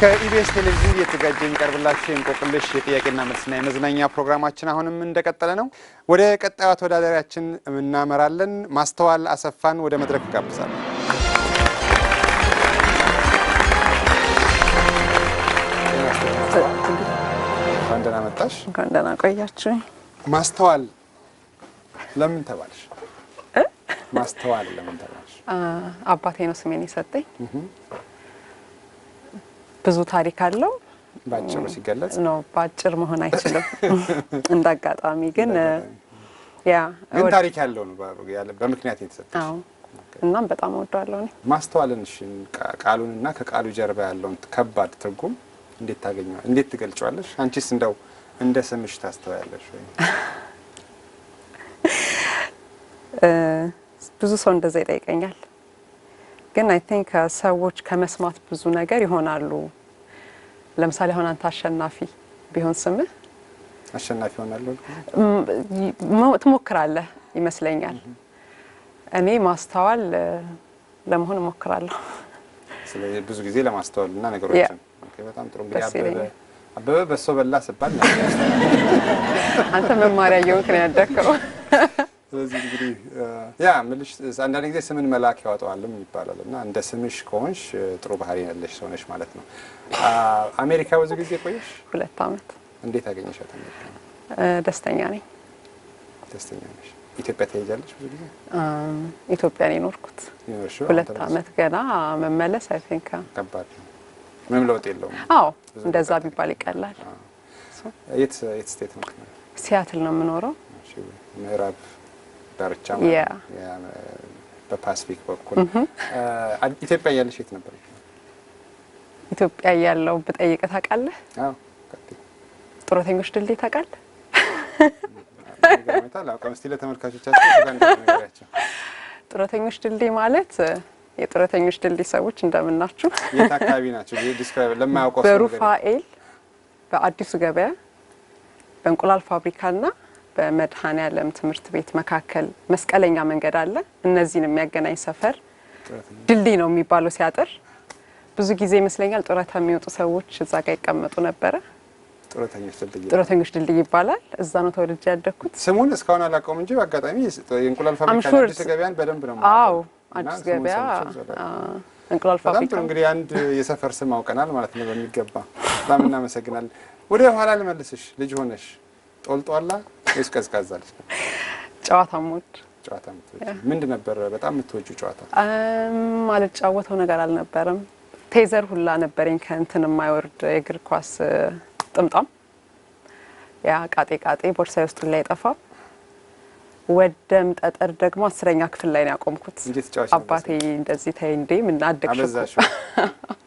ከኢቢኤስ ቴሌቪዥን እየተዘጋጀ የሚቀርብላችሁ የእንቆቅልሽ የጥያቄና መልስና የመዝናኛ ፕሮግራማችን አሁንም እንደቀጠለ ነው። ወደ ቀጣዩ ተወዳዳሪያችን እናመራለን። ማስተዋል አሰፋን ወደ መድረክ ጋብዛለሁ። እንኳን ደህና መጣሽ። እንኳን ደህና ቆያችሁ። ማስተዋል ለምን ተባልሽ? ማስተዋል ለምን ተባልሽ? አባቴ ነው ስሜን የሰጠኝ ብዙ ታሪክ አለው። ባጭሩ ሲገለጽ ነው። ባጭር መሆን አይችልም። እንዳጋጣሚ ግን ያ ግን ታሪክ ያለው ነው። በምክንያት የተሰጠ እናም በጣም ወደዋለሁ። እኔ ማስተዋልን ቃሉን እና ከቃሉ ጀርባ ያለውን ከባድ ትርጉም እንዴት ታገኘዋል? እንዴት ትገልጫዋለሽ? አንቺስ እንደው እንደ ስምሽ ታስተዋያለሽ ወይ? ብዙ ሰው እንደዛ ይጠይቀኛል። ግን አይ ቲንክ ሰዎች ከመስማት ብዙ ነገር ይሆናሉ ለምሳሌ አሁን አንተ አሸናፊ ቢሆን ስምህ አሸናፊ ሆናለሁ ትሞክራለህ ይመስለኛል። እኔ ማስተዋል ለመሆን እሞክራለሁ። ስለዚህ ብዙ ጊዜ ለማስተዋል እና ነገሮችን በጣም ጥሩ እንግዲህ አበበ በሶ በላ ስባል አንተ መማሪያ እየሆንክ ነው ያደግከው። ስለዚህ እንግዲህ ያ ምልሽ አንዳንድ ጊዜ ስምን መላክ ያወጣዋልም ይባላል እና እንደ ስምሽ ከሆንሽ ጥሩ ባህሪ ያለሽ ሰውነሽ ማለት ነው። አሜሪካ ብዙ ጊዜ ቆየሽ? ሁለት ዓመት። እንዴት አገኘሻት አሜሪካ? ደስተኛ ነኝ። ደስተኛ ነሽ? ኢትዮጵያ ትሄጃለሽ ብዙ ጊዜ? ኢትዮጵያ ነው የኖርኩት ሁለት ዓመት። ገና መመለስ አይ ቲንክ ከባድ ነው። ምንም ለውጥ የለውም። አዎ እንደዛ ቢባል ይቀላል። የት ስቴት ነው? ሲያትል ነው የምኖረው። ምዕራብ ዳርቻ በፓስፊክ በኩል ኢትዮጵያ እያለሽ የት ነበር? ኢትዮጵያ እያለሁ ብጠይቅ ታውቃለህ? ጡረተኞች ድልድይ ታውቃለህ? ጡረተኞች ድልድይ ማለት የጡረተኞች ድልድይ ሰዎች እንደምናችሁ። የት አካባቢ ናቸው? በሩፋኤል፣ በአዲሱ ገበያ፣ በእንቁላል ና በመድኃኔ ዓለም ትምህርት ቤት መካከል መስቀለኛ መንገድ አለ። እነዚህን የሚያገናኝ ሰፈር ድልድይ ነው የሚባለው ሲያጥር ብዙ ጊዜ ይመስለኛል ጡረታ የሚወጡ ሰዎች እዛ ጋር ይቀመጡ ነበረ። ጡረተኞች ድልድይ ይባላል። እዛ ነው ተወልጄ ያደግኩት። ስሙን እስካሁን አላውቀውም እንጂ በአጋጣሚ የእንቁላል ፋብሪካ አዲስ ገበያን በደንብ ነው። አዎ አዲስ ገበያ እንቁላል ፋብሪካ። እንግዲህ አንድ የሰፈር ስም አውቀናል ማለት ነው በሚገባ። በጣም እናመሰግናለን። ወደ ኋላ ልመልስሽ። ልጅ ሆነሽ ጦልጧላ ወይስ ቀዝቃዛ ልጅ? ጨዋታ ሞድ ጨዋታ ምንድን በጣም ጨዋታ? አልጫወተው ነገር አልነበረም። ቴዘር ሁላ ነበረኝ ከእንትን የማይወርድ የእግር ኳስ ጥምጣም፣ ያ ቃጤ ቃጤ ቦርሳዬ ውስጥ ላይ ጠፋ። ወደም ጠጠር ደግሞ አስረኛ ክፍል ላይ ነው ያቆምኩት። አባቴ እንደዚህ ተይ እንዴ ምን አደግሽ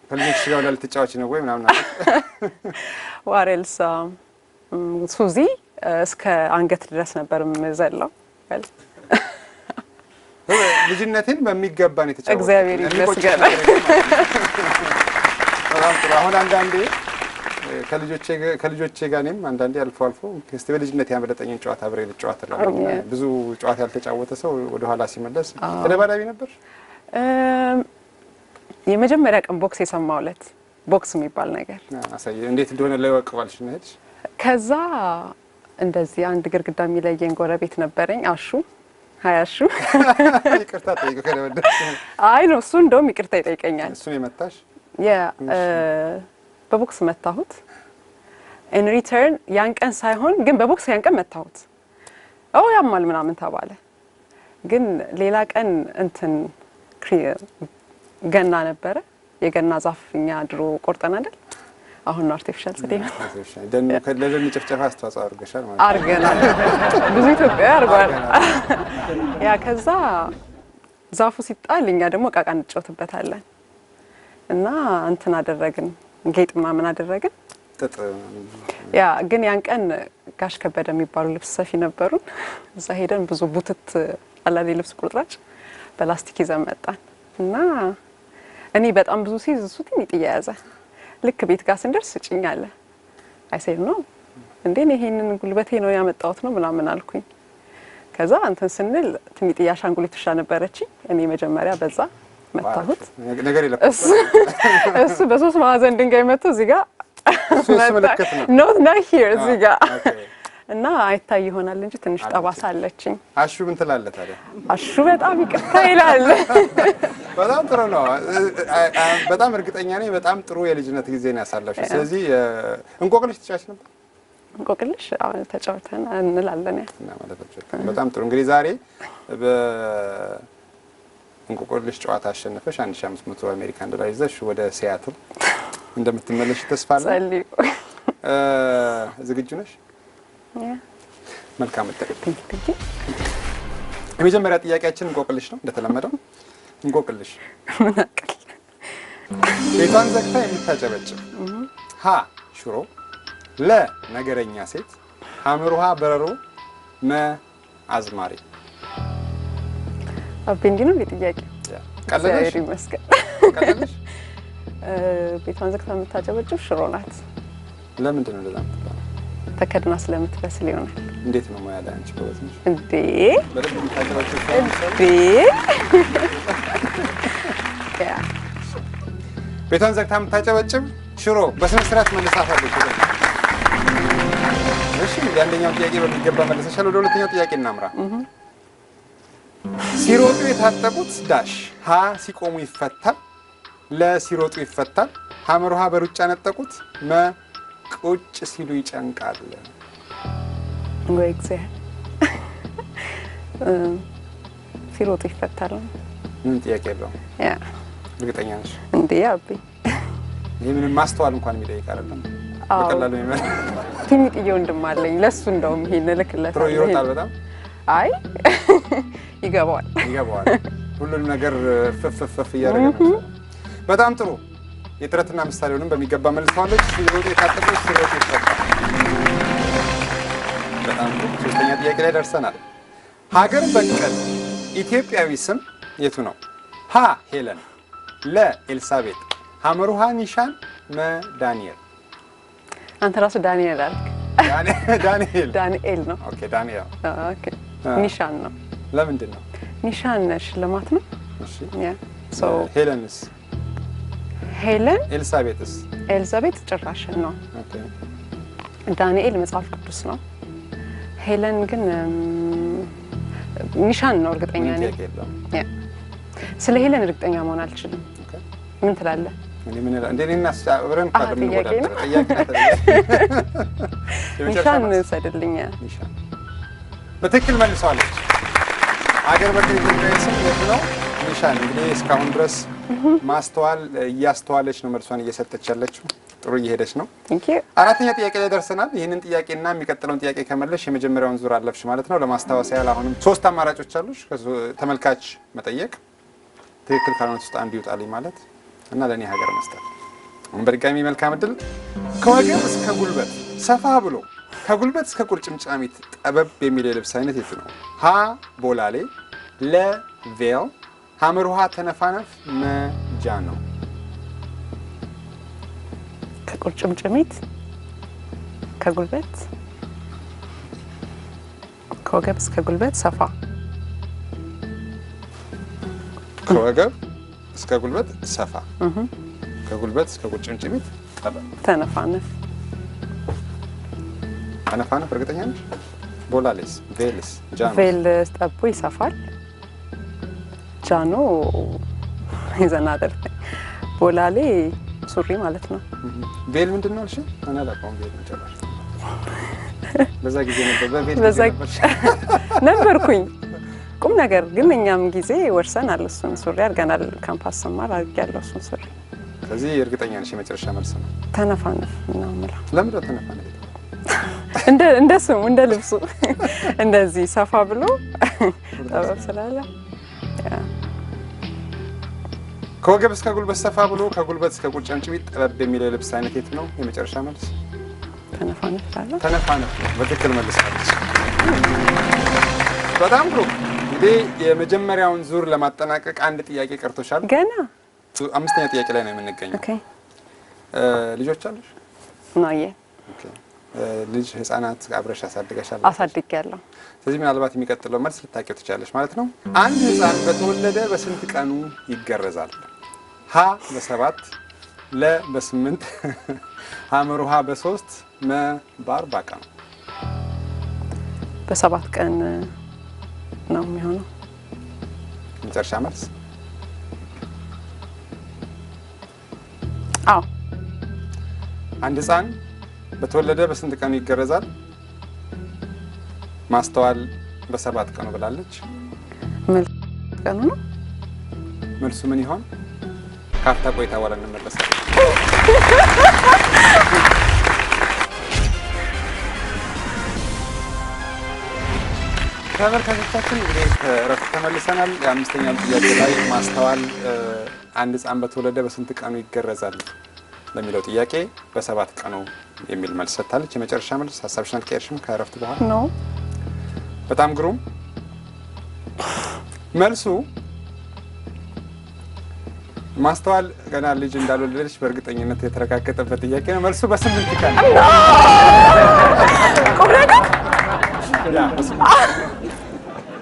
ፈልግሽ ያው ልትጫወች ነው ወይ ምናምን ዋሬልሳ ሱዚ እስከ አንገት ድረስ ነበር የምዘለው። ልጅነትን በሚገባ ነው የተጫወተው። እግዚአብሔር ይመስገን። አሁን አንዳንዴ ከልጆቼ ጋር እኔም አንዳንዴ አልፎ አልፎ ስቲ በልጅነት ያመለጠኝን ጨዋታ አብሬ ልጨዋት ለ ብዙ ጨዋታ ያልተጫወተ ሰው ወደኋላ ሲመለስ ተደባዳቢ ነበር። የመጀመሪያ ቀን ቦክስ የሰማው ቦክስ የሚባል ነገር አሳየ። እንዴት እንደሆነ ለወቅባልሽ ነሄድ ከዛ እንደዚህ አንድ ግርግዳ የሚለየን ጎረቤት ነበረኝ። አሹ ሀያሹ ይቅርታ ጠይቁ። ከደበደ አይ ነው እሱ እንደውም ይቅርታ ይጠይቀኛል። እሱ የመታሽ በቦክስ መታሁት። ኢን ሪተርን ያን ቀን ሳይሆን ግን በቦክስ ያን ቀን መታሁት። ኦ ያማል ምናምን ተባለ። ግን ሌላ ቀን እንትን ገና ነበረ። የገና ዛፍ እኛ ድሮ ቆርጠን አይደል አሁን አርቲፊሻል ጽዴ ጽዴና ለደን ጭፍጨፋ አስተዋጽኦ አድርገሻል ማለት አርገናል። ብዙ ኢትዮጵያ አርጓል። ያ ከዛ ዛፉ ሲጣል እኛ ደግሞ እቃቃ እንጫወትበታለን እና እንትን አደረግን ጌጥ ምናምን አደረግን። ያ ግን ያን ቀን ጋሽ ከበደ የሚባሉ ልብስ ሰፊ ነበሩን። እዛ ሄደን ብዙ ቡትት አላሌ ልብስ ቁርጥራጭ በላስቲክ ይዘን መጣን እና እኔ በጣም ብዙ ሲይዝ እሱ ትንሽ ጥያ ልክ ቤት ጋር ስንደርስ ስጭኝ አለ። አይሰይድ ነው እንዴን ይሄንን ጉልበቴ ነው ያመጣሁት ነው ምናምን አልኩኝ። ከዛ እንትን ስንል ትንቢት አሻንጉሊት ውሻ ነበረች። እኔ መጀመሪያ በዛ መታሁት። እሱ በሶስት ማዕዘን ድንጋይ መጥቶ እዚህ ጋር ኖት ናት ሂር እዚህ ጋር እና አይታይ ይሆናል እንጂ ትንሽ ጠባሳ አለችኝ። አሹ ምን ትላለህ ታዲያ? አሹ በጣም ይቅርታ ይላል። በጣም ጥሩ ነው። በጣም እርግጠኛ ነኝ በጣም ጥሩ የልጅነት ጊዜ ነው ያሳለፍሽ። ስለዚህ እንቆቅልሽ ትጫወች ነበር? እንቆቅልሽ አሁን ተጫውተን እንላለን። በጣም ጥሩ እንግዲህ ዛሬ እንቆቅልሽ ጨዋታ አሸነፈሽ 1500 አሜሪካን ዶላር ይዘሽ ወደ ሲያትል እንደምትመለሽ ተስፋ አለ። ዝግጁ ነሽ? መልካም እድል። የመጀመሪያ ጥያቄያችን እንቆቅልሽ ነው። እንደተለመደው እንቆቅልሽ ቤቷን ዘግታ የምታጨበጭብ ሀ ሽሮ፣ ለ ነገረኛ ሴት፣ ሐምሮሃ በረሮ፣ መ አዝማሪ። አቤንዲ ነው ጥያቄው። ቀለለሽ ይመስገን። ቤቷን ዘግታ የምታጨበጭብ ሽሮ ናት። ለምንድን ነው እንደዛ? ተከድና ስለምትበስል ይሆናል። እንዴት ነው ሙያ ላይ አንቺ እንዴ? ቤቷን ዘግታ የምታጨበጭብ ሽሮ በስነ ስርዓት መለሳት አለች። እሺ ጥያቄ በሚገባ መለሰሻል። ወደ ሁለተኛው ጥያቄ እናምራ። ሲሮጡ የታጠቁት ዳሽ ሀ ሲቆሙ ይፈታል፣ ለሲሮጡ ይፈታል፣ ሐመር ውሃ በሩጫ ነጠቁት መ ቁጭ ሲሉ ይጨንቃል ወይ እግዚአብሔር ሲሮጡ ይፈታል። ምን ጥያቄ የለውም። እርግጠኛ ነሽ እንዴ? አብኝ ይህ ምንም ማስተዋል እንኳን የሚጠይቅ አይደለም። በቀላሉ ይመል ትንጥዬ ወንድም አለኝ። ለእሱ እንደውም ይሄን እልክለታለሁ። ጥሩ ይሮጣል በጣም አይ ይገባዋል፣ ይገባዋል ሁሉንም ነገር ፍፍፍፍ እያደረገ በጣም ጥሩ የጥረትና ምሳሌውንም በሚገባ መልሰዋለች። ሲሮጥ የታጠቀች ሲሮጥ ይፈታል። በጣም ሶስተኛ ጥያቄ ላይ ደርሰናል። ሀገር በቀል ኢትዮጵያዊ ስም የቱ ነው? ሀ ሄለን፣ ለ ኤልሳቤጥ፣ ሐመሩሃ ኒሻን፣ መ ዳንኤል። አንተ ራሱ ዳንኤል አልክ። ዳንኤል ዳንኤል ነው። ኦኬ ዳንኤል ኦኬ። ኒሻን ነው። ለምንድን ነው ኒሻን? ሽልማት ነው። ሄለንስ ሄለን። ኤልሳቤጥስ? ኤልሳቤጥ ጭራሽን ነው። ዳንኤል መጽሐፍ ቅዱስ ነው። ሄለን ግን ሚሻን ነው። እርግጠኛ ነኝ። ስለ ሄለን እርግጠኛ መሆን አልችልም። ምን ትላለህ? ሚሻን ሰድልኛ በትክክል መልሰዋለች። አገር በክል ነው? ሚሻን እንግዲህ እስካሁን ድረስ ማስተዋል እያስተዋለች ነው መልሷን እየሰጠች ያለችው። ጥሩ እየሄደች ነው። አራተኛ ጥያቄ ላይ ደርሰናል። ይህንን ጥያቄና የሚቀጥለውን ጥያቄ ከመለሽ የመጀመሪያውን ዙር አለፍሽ ማለት ነው። ለማስታወስ ያህል አሁንም ሶስት አማራጮች አሉሽ። ተመልካች መጠየቅ፣ ትክክል ካልሆነ ውስጥ አንዱ ይውጣልኝ ማለት እና ለእኔ ሀገር መስጠት። አሁን በድጋሚ መልካም እድል። ከወገብ እስከ ጉልበት ሰፋ ብሎ ከጉልበት እስከ ቁርጭምጫሚት ጠበብ የሚል የልብስ አይነት የቱ ነው? ሀ ቦላሌ፣ ለ ቬል ሀምርሃ ተነፋነፍ መጃ ነው። ከቁርጭምጭሚት፣ ከጉልበት፣ ከወገብ እስከ ጉልበት ሰፋ፣ ከወገብ እስከ ጉልበት ሰፋ፣ ከጉልበት እስከ ቁርጭምጭሚት ጠበብ። ተነፋነፍ ተነፋነፍ። እርግጠኛ ነሽ? ቦላሌስ ቬልስ ጃ ቬልስ ጠቦ ይሰፋል ብቻ ነው የዘና ደርፌ ቦላሌ ሱሪ ማለት ነው። ቤል ምንድን ነው አልሽ? እኔ አላውቀውም። ቤል ጭራሽ በዛ ጊዜ ነበርኩኝ። ቁም ነገር ግን እኛም ጊዜ ወርሰናል። እሱን ሱሪ አድርገናል። ካምፓስ ስማር አድርጌያለሁ እሱን ሱሪ። ስለዚህ እርግጠኛ ነሽ የመጨረሻ መልስ ነው ተነፋነፍ ነው የምለው። ለምንድን ነው ተነፋነፍ? እንደ ስሙ እንደ ልብሱ እንደዚህ ሰፋ ብሎ ጠበብ ስላለ ከወገብ እስከ ጉልበት ሰፋ ብሎ ከጉልበት እስከ ቁርጭምጭሚት ጠበብ የሚል ልብስ አይነት የት ነው? የመጨረሻ መልስ ተነፋነፍ ነው። በትክክል መልሳለች። በጣም ግሩም። እንግዲህ የመጀመሪያውን ዙር ለማጠናቀቅ አንድ ጥያቄ ቀርቶሻል። ገና አምስተኛ ጥያቄ ላይ ነው የምንገኘው። ልጆች አሉሽ? ልጅ ህጻናት አብረሽ አሳድገሻል። አሳድግ ያለው ስለዚህ ምናልባት የሚቀጥለው መልስ ልታቂው ትችላለች ማለት ነው። አንድ ህጻን በተወለደ በስንት ቀኑ ይገረዛል? ሀ በሰባት ለ በስምንት ውሃ በሶስት መ በአርባ ቀኑ በሰባት ቀን ነው የሚሆነው። መጨረሻ መልስ አዎ አንድ ህጻን በተወለደ በስንት ቀኑ ይገረዛል? ማስተዋል በሰባት ቀኑ ብላለች። ቀኑ ነው መልሱ ምን ይሆን? ካፍታ ቆይታ በኋላ እንመለሳለን። ተመልካቾቻችን እንግዲህ ከእረፍት ተመልሰናል። የአምስተኛው ጥያቄ ላይ ማስተዋል አንድ ህፃን በተወለደ በስንት ቀኑ ይገረዛል? ለሚለው ጥያቄ በሰባት ቀኑ የሚል መልስ ሰጥታለች። የመጨረሻ መልስ ሀሳብሽን አልቀየርሽም ከእረፍት በኋላ ነው። በጣም ግሩም መልሱ። ማስተዋል ገና ልጅ እንዳልወለደች በእርግጠኝነት የተረጋገጠበት ጥያቄ ነው። መልሱ በስምንት ቀን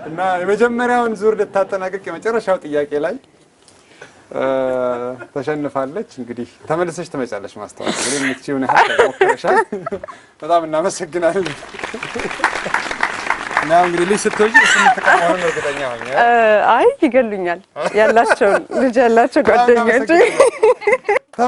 እና የመጀመሪያውን ዙር ልታጠናቀቅ የመጨረሻው ጥያቄ ላይ ተሸንፋለች። እንግዲህ ተመልሰች ትመጫለች። ማስታወቅ እንግዲህ የምትችይውን ያህል ሞክረሻል። በጣም እናመሰግናለን። እና እንግዲህ ልጅ ስትወጂ ስምትቃሆን እርግጠኛ ሆኛል። አይ ይገሉኛል ያላቸውን ልጅ ያላቸው ጓደኞች